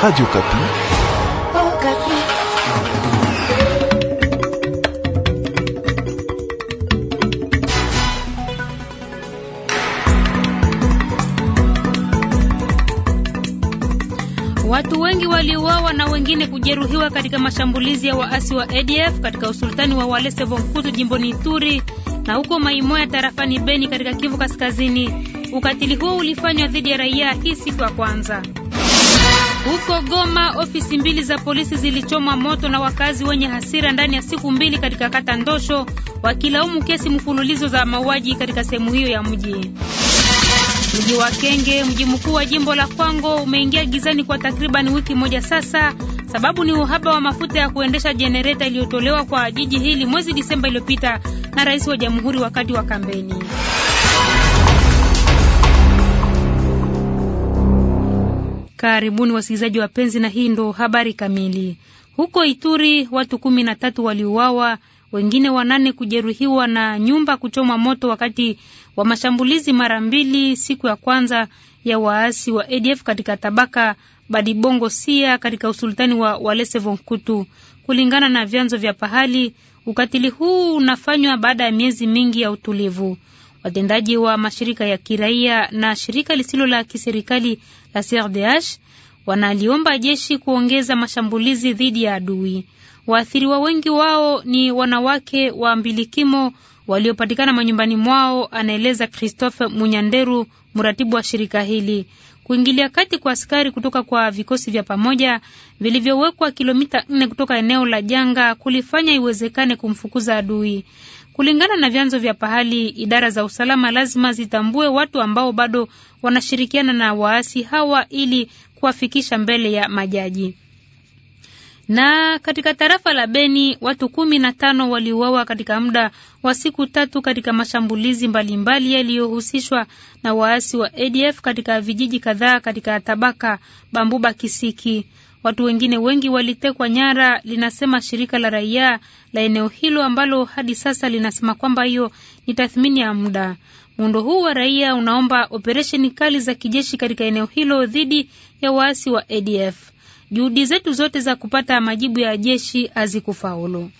Radio Kapi. Oh, Kapi. Watu wengi waliuawa na wengine kujeruhiwa katika mashambulizi ya waasi wa ADF katika usultani wa Walese Vonkutu jimboni Ituri na huko Maimoya tarafani Beni katika Kivu Kaskazini. Ukatili huo ulifanywa dhidi ya raia hii siku ya kwanza. Huko Goma ofisi mbili za polisi zilichomwa moto na wakazi wenye hasira ndani ya siku mbili katika kata Ndosho wakilaumu kesi mfululizo za mauaji katika sehemu hiyo ya mji. Mji wa Kenge, mji mkuu wa jimbo la Kwango, umeingia gizani kwa takriban wiki moja sasa. Sababu ni uhaba wa mafuta ya kuendesha jenereta iliyotolewa kwa jiji hili mwezi Disemba iliyopita na rais wa jamhuri wakati wa kampeni. Karibuni wasikilizaji wapenzi, na hii ndo habari kamili. Huko Ituri watu kumi na tatu waliuawa, wengine wanane kujeruhiwa na nyumba kuchomwa moto wakati wa mashambulizi mara mbili siku ya kwanza ya waasi wa ADF katika tabaka Badibongo Sia katika usultani wa Walese Vonkutu. Kulingana na vyanzo vya pahali, ukatili huu unafanywa baada ya miezi mingi ya utulivu. Watendaji wa mashirika ya kiraia na shirika lisilo la kiserikali la CRDH wanaliomba jeshi kuongeza mashambulizi dhidi ya adui. Waathiriwa wengi wao ni wanawake wa mbilikimo waliopatikana manyumbani mwao, anaeleza Christophe Munyanderu, mratibu wa shirika hili. Kuingilia kati kwa askari kutoka kwa vikosi vya pamoja vilivyowekwa kilomita nne kutoka eneo la janga kulifanya iwezekane kumfukuza adui. Kulingana na vyanzo vya pahali, idara za usalama lazima zitambue watu ambao bado wanashirikiana na waasi hawa ili kuwafikisha mbele ya majaji. Na katika tarafa la Beni watu kumi na tano waliuawa katika muda wa siku tatu katika mashambulizi mbalimbali yaliyohusishwa na waasi wa ADF katika vijiji kadhaa katika tabaka Bambuba Kisiki. Watu wengine wengi walitekwa nyara, linasema shirika la raia la eneo hilo ambalo hadi sasa linasema kwamba hiyo ni tathmini ya muda. Muundo huu wa raia unaomba operesheni kali za kijeshi katika eneo hilo dhidi ya waasi wa ADF juhudi zetu zote za kupata majibu ya jeshi hazikufaulu.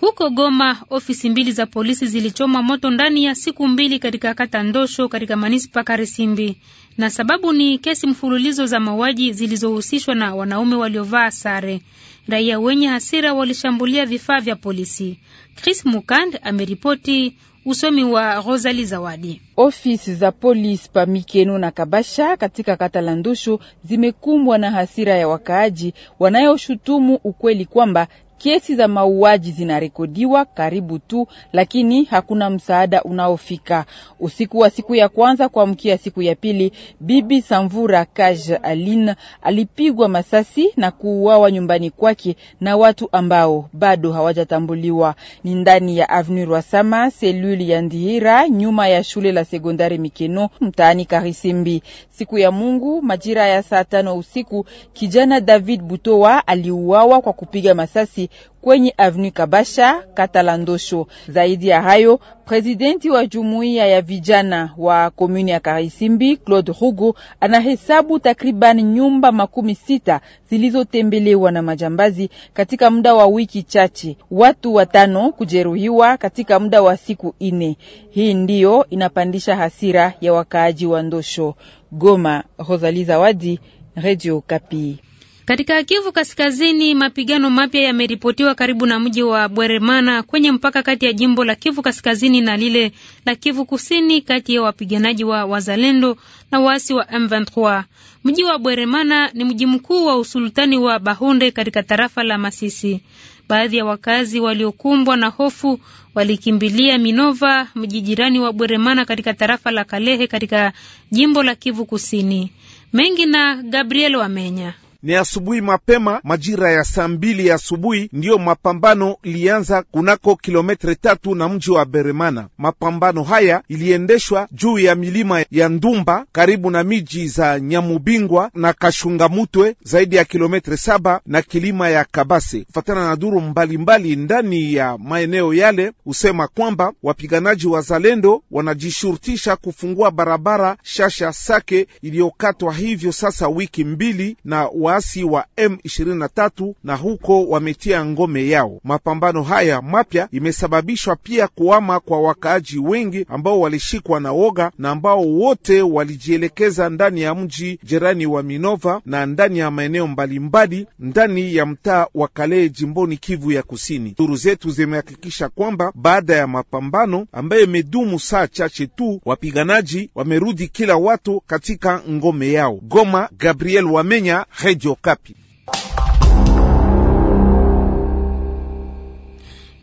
Huko Goma, ofisi mbili za polisi zilichoma moto ndani ya siku mbili katika kata Ndosho katika manispa Karisimbi, na sababu ni kesi mfululizo za mauaji zilizohusishwa na wanaume waliovaa sare. Raia wenye hasira walishambulia vifaa vya polisi. Chris Mukand ameripoti. Usomi wa Rosali Zawadi. Ofisi za polisi pa Mikeno na Kabasha katika kata la Ndushu zimekumbwa na hasira ya wakaaji wanayoshutumu ukweli kwamba Kesi za mauaji zinarekodiwa karibu tu, lakini hakuna msaada unaofika. Usiku wa siku ya kwanza kuamkia siku ya pili, bibi Samvura Kaj Aline alipigwa masasi na kuuawa nyumbani kwake na watu ambao bado hawajatambuliwa. Ni ndani ya Avenue Rwasama, seluli ya Ndihira, nyuma ya shule la sekondari Mikeno, mtaani Karisimbi. Siku ya Mungu majira ya saa tano usiku, kijana David Butoa aliuawa kwa kupiga masasi kwenye Avenue Kabasha kata la Ndosho. Zaidi ya hayo, presidenti wa jumuiya ya vijana wa komuni ya Karisimbi Claude Rugo anahesabu takriban nyumba makumi sita zilizotembelewa na majambazi katika muda wa wiki chache, watu watano kujeruhiwa katika muda wa siku ine. Hii ndiyo inapandisha hasira ya wakaaji wa Ndosho. Goma, Rosalie Zawadi, Radio Kapi. Katika Kivu Kaskazini, mapigano mapya yameripotiwa karibu na mji wa Bweremana kwenye mpaka kati ya jimbo la Kivu Kaskazini na lile la Kivu Kusini, kati ya wapiganaji wa Wazalendo na waasi wa M23. Mji wa Bweremana ni mji mkuu wa usultani wa Bahunde katika tarafa la Masisi. Baadhi ya wakazi waliokumbwa na hofu walikimbilia Minova, mji jirani wa Bweremana katika tarafa la Kalehe katika jimbo la Kivu Kusini. Mengi na Gabriel Wamenya. Ni asubuhi mapema, majira ya saa mbili ya asubuhi ndiyo mapambano ilianza kunako kilometre tatu na mji wa Beremana. Mapambano haya iliendeshwa juu ya milima ya Ndumba karibu na miji za Nyamubingwa na Kashungamutwe zaidi ya kilometre saba na kilima ya Kabase. Kufatana na duru mbalimbali ndani ya maeneo yale husema kwamba wapiganaji wa zalendo wanajishurutisha kufungua barabara Shasha Sake iliyokatwa hivyo sasa wiki mbili na waasi wa M23 na huko wametia ngome yao. Mapambano haya mapya imesababishwa pia kuama kwa wakaaji wengi ambao walishikwa na woga na ambao wote walijielekeza ndani ya mji jirani wa Minova na ndani ya maeneo mbalimbali ndani ya mtaa wa Kale jimboni Kivu ya Kusini. Duru zetu zimehakikisha kwamba baada ya mapambano ambayo imedumu saa chache tu, wapiganaji wamerudi kila watu katika ngome yao. Goma, Gabriel Wamenya, Red Radio Kapi.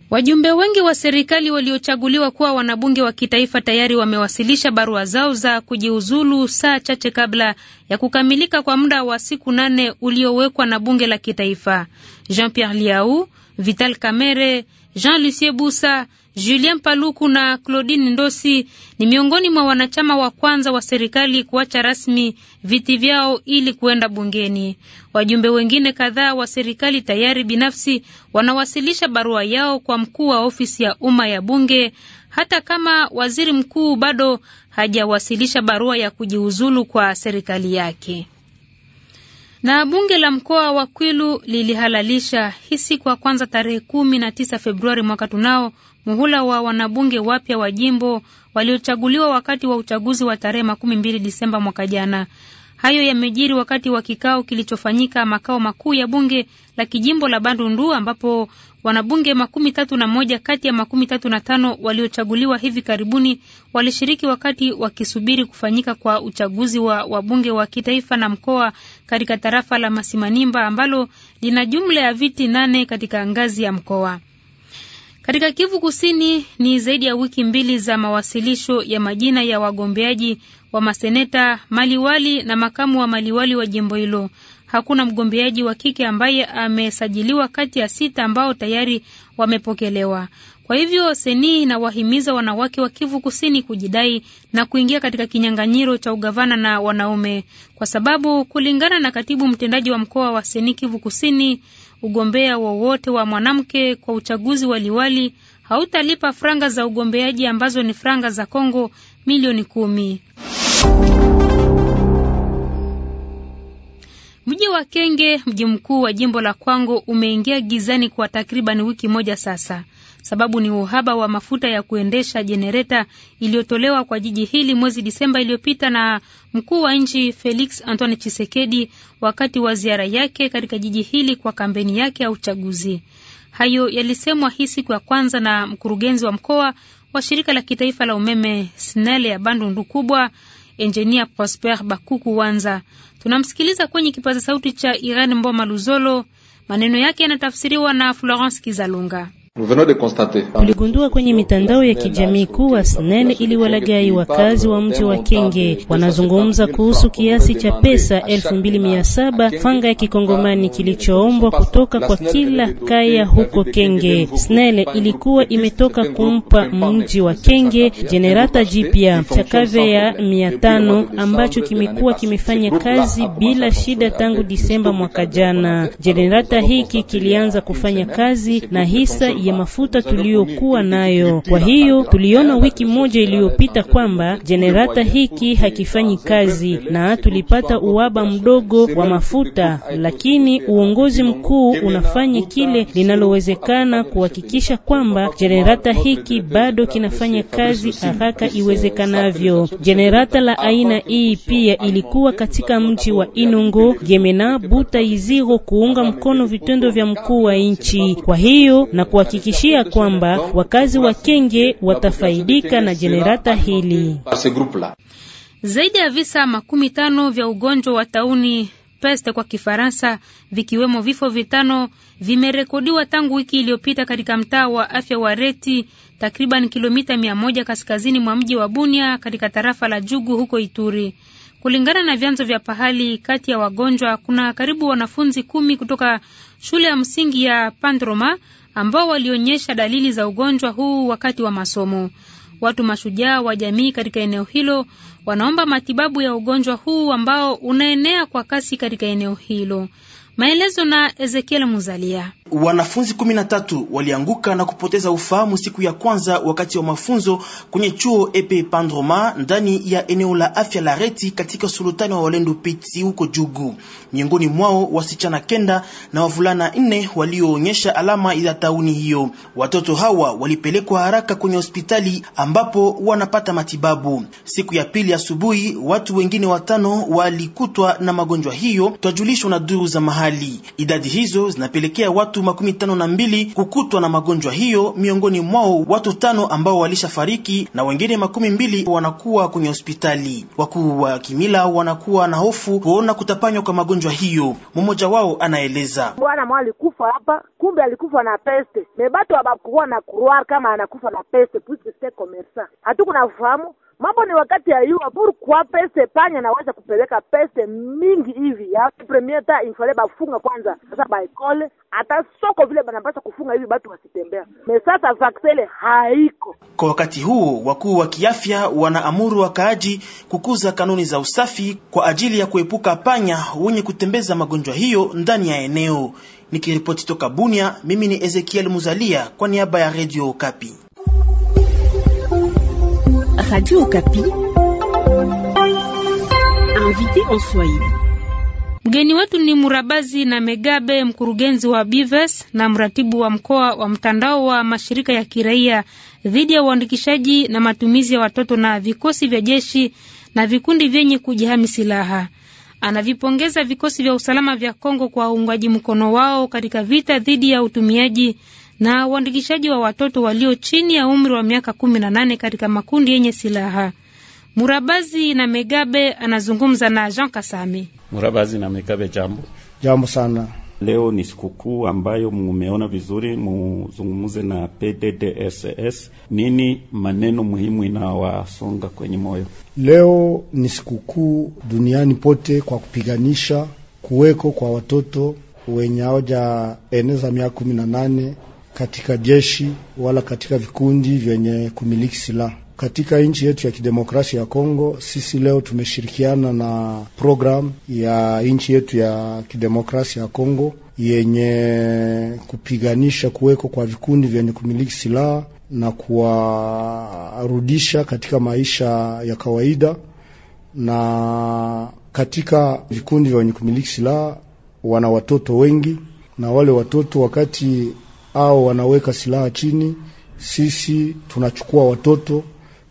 Wajumbe wengi wa serikali waliochaguliwa kuwa wanabunge wa kitaifa tayari wamewasilisha barua zao za kujiuzulu saa chache kabla ya kukamilika kwa muda wa siku nane uliowekwa na bunge la kitaifa. Jean-Pierre Liau, Vital Kamere, Jean Lucie Busa, Julien Paluku na Claudine Ndosi ni miongoni mwa wanachama wa kwanza wa serikali kuacha rasmi viti vyao ili kuenda bungeni. Wajumbe wengine kadhaa wa serikali tayari binafsi wanawasilisha barua yao kwa mkuu wa ofisi ya umma ya bunge, hata kama waziri mkuu bado hajawasilisha barua ya kujiuzulu kwa serikali yake. Na bunge la mkoa wa Kwilu lilihalalisha hii siku ya kwanza tarehe kumi na tisa Februari mwaka tunao muhula wa wanabunge wapya wa jimbo waliochaguliwa wakati wa uchaguzi wa tarehe makumi mbili Disemba mwaka jana. Hayo yamejiri wakati wa kikao kilichofanyika makao makuu ya bunge la kijimbo la Bandundu ambapo wanabunge makumi tatu na moja kati ya makumi tatu na tano waliochaguliwa hivi karibuni walishiriki wakati wakisubiri kufanyika kwa uchaguzi wa wabunge wa kitaifa na mkoa katika tarafa la Masimanimba ambalo lina jumla ya viti nane katika ngazi ya mkoa. Katika Kivu Kusini ni zaidi ya wiki mbili za mawasilisho ya majina ya wagombeaji wa maseneta, maliwali na makamu wa maliwali wa jimbo hilo. Hakuna mgombeaji wa kike ambaye amesajiliwa kati ya sita ambao tayari wamepokelewa. Kwa hivyo seni inawahimiza wanawake wa Kivu Kusini kujidai na kuingia katika kinyang'anyiro cha ugavana na wanaume, kwa sababu kulingana na katibu mtendaji wa mkoa wa seni Kivu Kusini, ugombea wowote wa, mwanamke kwa uchaguzi wa liwali hautalipa franga za ugombeaji ambazo ni franga za Kongo milioni kumi. Mji wa Kenge, mji mkuu wa jimbo la Kwango, umeingia gizani kwa takriban wiki moja sasa. Sababu ni uhaba wa mafuta ya kuendesha jenereta iliyotolewa kwa jiji hili mwezi Disemba iliyopita na mkuu wa nchi Felix Antoine Chisekedi wakati wa ziara yake katika jiji hili kwa kampeni yake ya uchaguzi. Hayo yalisemwa hii siku ya kwanza na mkurugenzi wa mkoa wa shirika la kitaifa la umeme SNEL ya Bandundu kubwa Enjinia Prosper Bakuku Wanza. Tunamsikiliza kwenye kipaza sauti cha Irene Mboma Luzolo. Maneno yake yanatafsiriwa na Florence Kizalunga. Tuligundua kwenye mitandao ya kijamii kuwa SNEL iliwalagai wakazi wa mji wa Kenge. Wanazungumza kuhusu kiasi cha pesa 2700 fanga ya kikongomani kilichoombwa kutoka kwa kila kaya huko Kenge. SNEL ilikuwa imetoka kumpa mji wa Kenge jenerata jipya cha kave ya 500 ambacho kimekuwa kimefanya kazi bila shida tangu Disemba mwaka jana. Jenerata hiki kilianza kufanya kazi na hisa ya mafuta tuliyokuwa nayo. Kwa hiyo tuliona wiki moja iliyopita kwamba jenerata hiki hakifanyi kazi na tulipata uaba mdogo wa mafuta, lakini uongozi mkuu unafanya kile linalowezekana kuhakikisha kwamba jenerata hiki bado kinafanya kazi haraka iwezekanavyo. Jenerata la aina hii pia ilikuwa katika mji wa Inongo, Gemena, Buta, Iziro kuunga mkono vitendo vya mkuu wa nchi. Kwa hiyo na kuhakikisha kuhakikishia kwamba wakazi wa Kenge watafaidika na jenerata hili. Zaidi ya visa makumi tano vya ugonjwa wa tauni peste kwa Kifaransa, vikiwemo vifo vitano vimerekodiwa tangu wiki iliyopita katika mtaa wa afya wa Reti, takriban kilomita mia moja kaskazini mwa mji wa Bunia katika tarafa la Jugu huko Ituri. Kulingana na vyanzo vya pahali, kati ya wagonjwa kuna karibu wanafunzi kumi kutoka shule ya msingi ya Pandroma ambao walionyesha dalili za ugonjwa huu wakati wa masomo. Watu mashujaa wa jamii katika eneo hilo wanaomba matibabu ya ugonjwa huu ambao unaenea kwa kasi katika eneo hilo. Maelezo na Ezekiel Muzalia. Wanafunzi kumi na tatu walianguka na kupoteza ufahamu siku ya kwanza wakati wa mafunzo kwenye chuo Epe Pandroma ndani ya eneo la afya la Reti katika sultani wa Walendu Piti huko Jugu. Miongoni mwao wasichana kenda na wavulana nne walioonyesha alama ya tauni hiyo. Watoto hawa walipelekwa haraka kwenye hospitali ambapo wanapata matibabu. Siku ya pili asubuhi, watu wengine watano walikutwa na magonjwa hiyo, twajulishwa na duru za mahali mahali. Idadi hizo zinapelekea watu makumi tano na mbili kukutwa na magonjwa hiyo, miongoni mwao watu tano ambao walishafariki na wengine makumi mbili wanakuwa kwenye hospitali. Wakuu wa kimila wanakuwa na hofu kuona kutapanywa kwa magonjwa hiyo. Mmoja wao anaeleza: bwana mwa alikufa hapa, kumbe alikufa na peste mebatu abakuwa na kuruar kama anakufa na peste puisque c'est commerçant hatukunafahamu mambo ni wakati ya yuwa kwa pese panya naweza kupeleka pese mingi hivi ya premier ta infale bafunga kwanza sasa baekole hata soko vile banapasa kufunga hivi batu wasitembea me sasa vaksele haiko kwa wakati huu wakuu wa kiafya wanaamuru wakaaji kukuza kanuni za usafi kwa ajili ya kuepuka panya wenye kutembeza magonjwa hiyo ndani ya eneo nikiripoti toka bunia mimi ni ezekiel muzalia kwa niaba ya radio okapi Radio Okapi. Invité en Swahili. Mgeni wetu ni Murabazi na Megabe, mkurugenzi wa Bives na mratibu wa mkoa wa mtandao wa mashirika ya kiraia dhidi ya uandikishaji na matumizi ya watoto na vikosi vya jeshi na vikundi vyenye kujihami silaha. Anavipongeza vikosi vya usalama vya Kongo kwa uungwaji mkono wao katika vita dhidi ya utumiaji na uandikishaji wa watoto walio chini ya umri wa miaka kumi na nane katika makundi yenye silaha. Murabazi na Megabe anazungumza na Jean Kasami. Murabazi na Megabe, jambo. Jambo sana. Leo ni sikukuu ambayo mumeona vizuri, muzungumuze na PDDSS. Nini maneno muhimu inawasonga kwenye moyo? Leo ni sikukuu duniani pote kwa kupiganisha kuweko kwa watoto wenye aoja eneza miaka kumi na nane katika jeshi wala katika vikundi vyenye kumiliki silaha. Katika nchi yetu ya kidemokrasia ya Kongo, sisi leo tumeshirikiana na programu ya nchi yetu ya kidemokrasia ya Kongo yenye kupiganisha kuweko kwa vikundi vyenye kumiliki silaha na kuwarudisha katika maisha ya kawaida. Na katika vikundi vya wenye kumiliki silaha wana watoto wengi, na wale watoto wakati au wanaweka silaha chini, sisi tunachukua watoto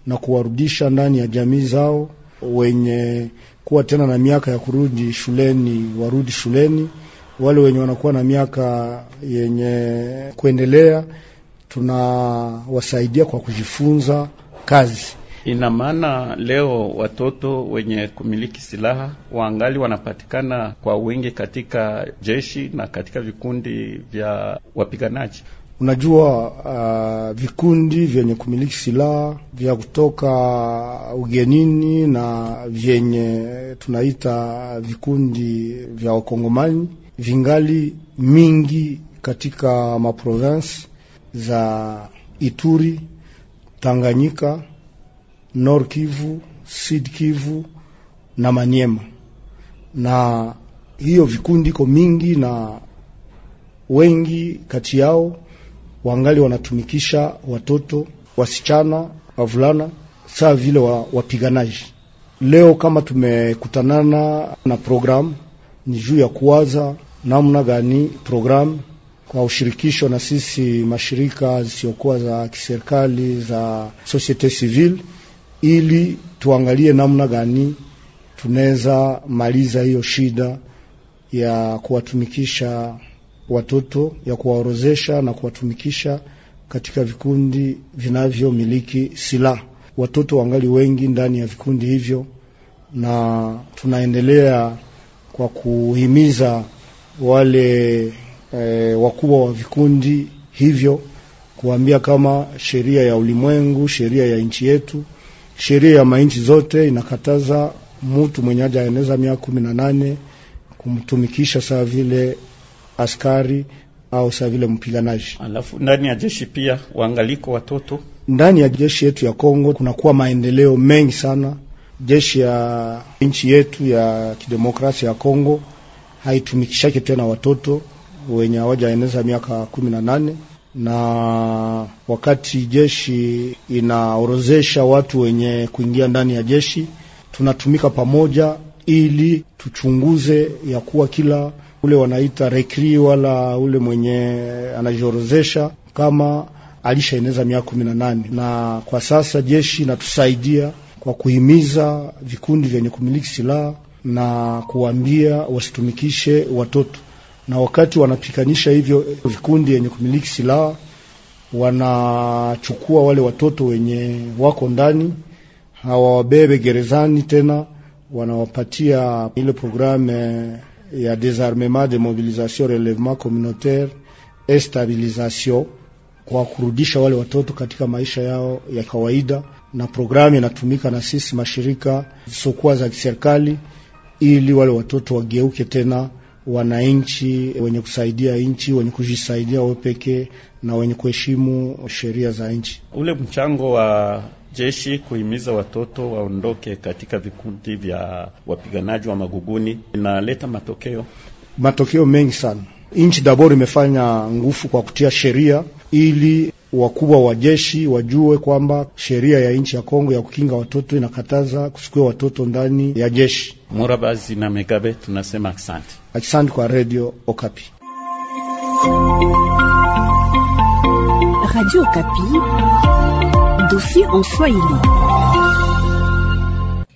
na kuwarudisha ndani ya jamii zao, wenye kuwa tena na miaka ya kurudi shuleni warudi shuleni, wale wenye wanakuwa na miaka yenye kuendelea tunawasaidia kwa kujifunza kazi. Ina maana leo watoto wenye kumiliki silaha waangali wanapatikana kwa wingi katika jeshi na katika vikundi vya wapiganaji. Unajua, uh, vikundi vyenye kumiliki silaha vya kutoka ugenini na vyenye tunaita vikundi vya wakongomani vingali mingi katika maprovinsi za Ituri, Tanganyika Nor Kivu, Sid Kivu na manyema na hiyo vikundi iko mingi na wengi kati yao wangali wanatumikisha watoto, wasichana, wavulana saa vile wa, wapiganaji. Leo kama tumekutanana na programu ni juu ya kuwaza namna gani programu kwa ushirikisho na sisi mashirika zisiyokuwa za kiserikali za societe civile ili tuangalie namna gani tunaweza maliza hiyo shida ya kuwatumikisha watoto ya kuwaorozesha na kuwatumikisha katika vikundi vinavyomiliki silaha. Watoto wangali wengi ndani ya vikundi hivyo, na tunaendelea kwa kuhimiza wale e, eh, wakubwa wa vikundi hivyo kuambia kama sheria ya ulimwengu, sheria ya nchi yetu sheria ya mainchi zote inakataza mtu mwenye haja eneza miaka kumi na nane kumtumikisha saa vile askari au saa vile mpiganaji. Alafu ndani ya jeshi pia waangaliko watoto ndani ya jeshi yetu ya Kongo kunakuwa maendeleo mengi sana. Jeshi ya nchi yetu ya kidemokrasia ya Kongo haitumikishake tena watoto wenye hawajaeneza miaka kumi na nane na wakati jeshi inaorozesha watu wenye kuingia ndani ya jeshi, tunatumika pamoja ili tuchunguze ya kuwa kila ule wanaita rekri wala ule mwenye anajiorozesha kama alishaeneza miaka kumi na nane. Na kwa sasa jeshi inatusaidia kwa kuhimiza vikundi vyenye kumiliki silaha na kuwaambia wasitumikishe watoto na wakati wanapikanisha hivyo vikundi yenye kumiliki silaha wanachukua wale watoto wenye wako ndani, hawawabebe gerezani tena, wanawapatia ile programme eh, ya desarmement de mobilisation relevement communautaire et stabilisation kwa kurudisha wale watoto katika maisha yao ya kawaida, na programu inatumika na sisi mashirika zisizokuwa za kiserikali ili wale watoto wageuke tena wananchi wenye kusaidia nchi, wenye kujisaidia wao pekee na wenye kuheshimu sheria za nchi. Ule mchango wa jeshi kuhimiza watoto waondoke katika vikundi vya wapiganaji wa maguguni inaleta matokeo, matokeo mengi sana. Nchi dabor imefanya nguvu kwa kutia sheria ili wakubwa wa jeshi wajue kwamba sheria ya nchi ya Kongo ya kukinga watoto inakataza kuchukua watoto ndani ya jeshi. Murabazi na Megabe, tunasema asante, asante kwa Radio Okapi. Radio Okapi,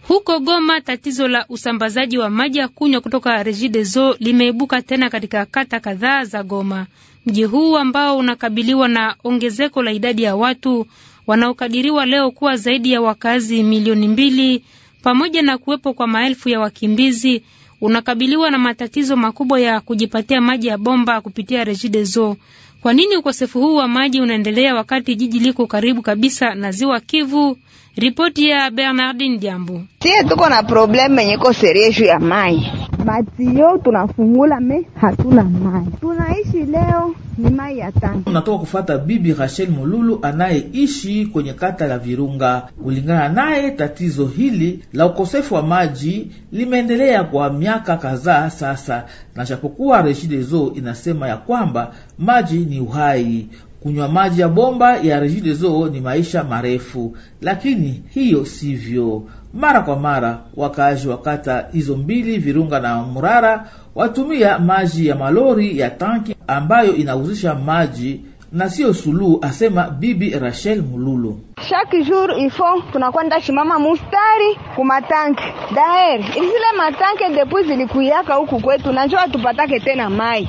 Huko Goma tatizo la usambazaji wa maji ya kunywa kutoka Regideso limeibuka tena katika kata kadhaa za Goma. Mji huu ambao unakabiliwa na ongezeko la idadi ya watu wanaokadiriwa leo kuwa zaidi ya wakazi milioni mbili, pamoja na kuwepo kwa maelfu ya wakimbizi, unakabiliwa na matatizo makubwa ya kujipatia maji ya bomba kupitia Regideso. Kwa nini ukosefu huu wa maji unaendelea wakati jiji liko karibu kabisa na ziwa Kivu? Ripoti ya Bernardine Jambu. Sie tuko na problem yenye ko serieshu ya mai batio, tunafungula me hatuna mai, tunaishi leo ni mai ya tangi. Tunatoka kufata Bibi Rachel Mululu anayeishi kwenye kata la Virunga. Kulingana naye, tatizo hili la ukosefu wa maji limeendelea kwa miaka kadhaa sasa, na japokuwa Regideso inasema ya kwamba maji ni uhai Kunywa maji ya bomba ya Regideso ni maisha marefu, lakini hiyo sivyo. Mara kwa mara wakaaji wa kata hizo mbili, Virunga na Murara, watumia maji ya malori ya tanki ambayo inahuzisha maji na sio suluhu, asema Bibi Rachel Mululu. Chaque jour ifo tunakwenda shimama mustari matanki daer izile matanke depuis zilikuyaka huku kwetu, najua tupatake tena mai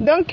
donc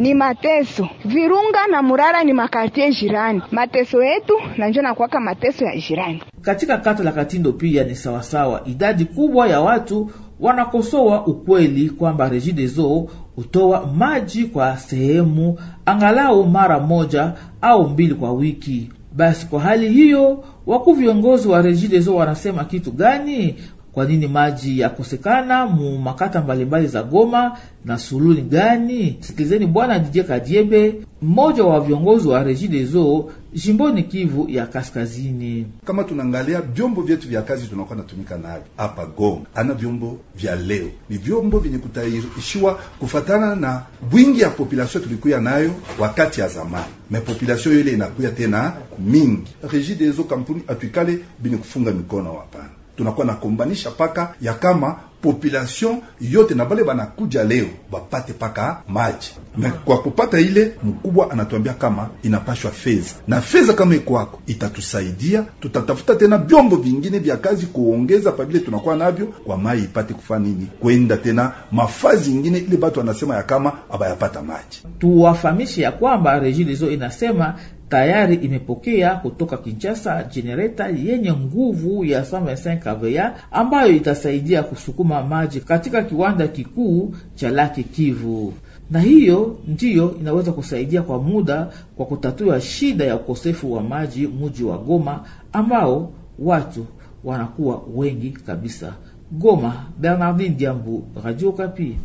ni mateso. Virunga na Murara ni makartie jirani, mateso yetu na njo nakuwaka mateso ya jirani. Katika kata la Katindo pia ni sawasawa, idadi kubwa ya watu wanakosoa ukweli kwamba Regideso hutoa maji kwa sehemu angalau mara moja au mbili kwa wiki. Basi kwa hali hiyo, wakuu viongozi wa Regideso wanasema kitu gani? Kwa nini maji yakosekana mu makata mbalimbali za Goma na suluni gani? Sikilizeni Bwana didier Kadiebe, mmoja wa viongozi wa Regideso jimboni Kivu ya Kaskazini. Kama tunaangalia vyombo vyetu vya kazi tunakuwa natumika navyo hapa Goma, ana vyombo vya leo ni vyombo vyenye kutaishiwa kufatana na bwingi ya population tulikuya nayo wakati ya zamani, me population ile inakuya tena mingi. Regideso kampuni atuikale bini kufunga mikono, hapana tunakuwa na kombanisha paka ya kama population yote na bale banakuja leo bapate paka maji na kwa kupata ile mkubwa anatuambia kama inapashwa fedha na fedha kama iko wako itatusaidia, tutatafuta tena vyombo vingine vya kazi kuongeza pabile tunakuwa navyo kwa mai ipate kufanya nini, kwenda tena mafazi ingine ile batu anasema ya kama abayapata maji. Tuwafahamishe ya kwamba rejidezo inasema tayari imepokea kutoka Kinshasa jenereta yenye nguvu ya 125 kVA ambayo itasaidia kusukuma maji katika kiwanda kikuu cha Lake Kivu, na hiyo ndiyo inaweza kusaidia kwa muda kwa kutatua shida ya ukosefu wa maji muji wa Goma ambao watu wanakuwa wengi kabisa. Goma, Bernardin Diambu, Radio Kapi.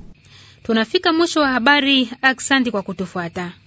Tunafika mwisho wa habari. Aksanti kwa kutufuata.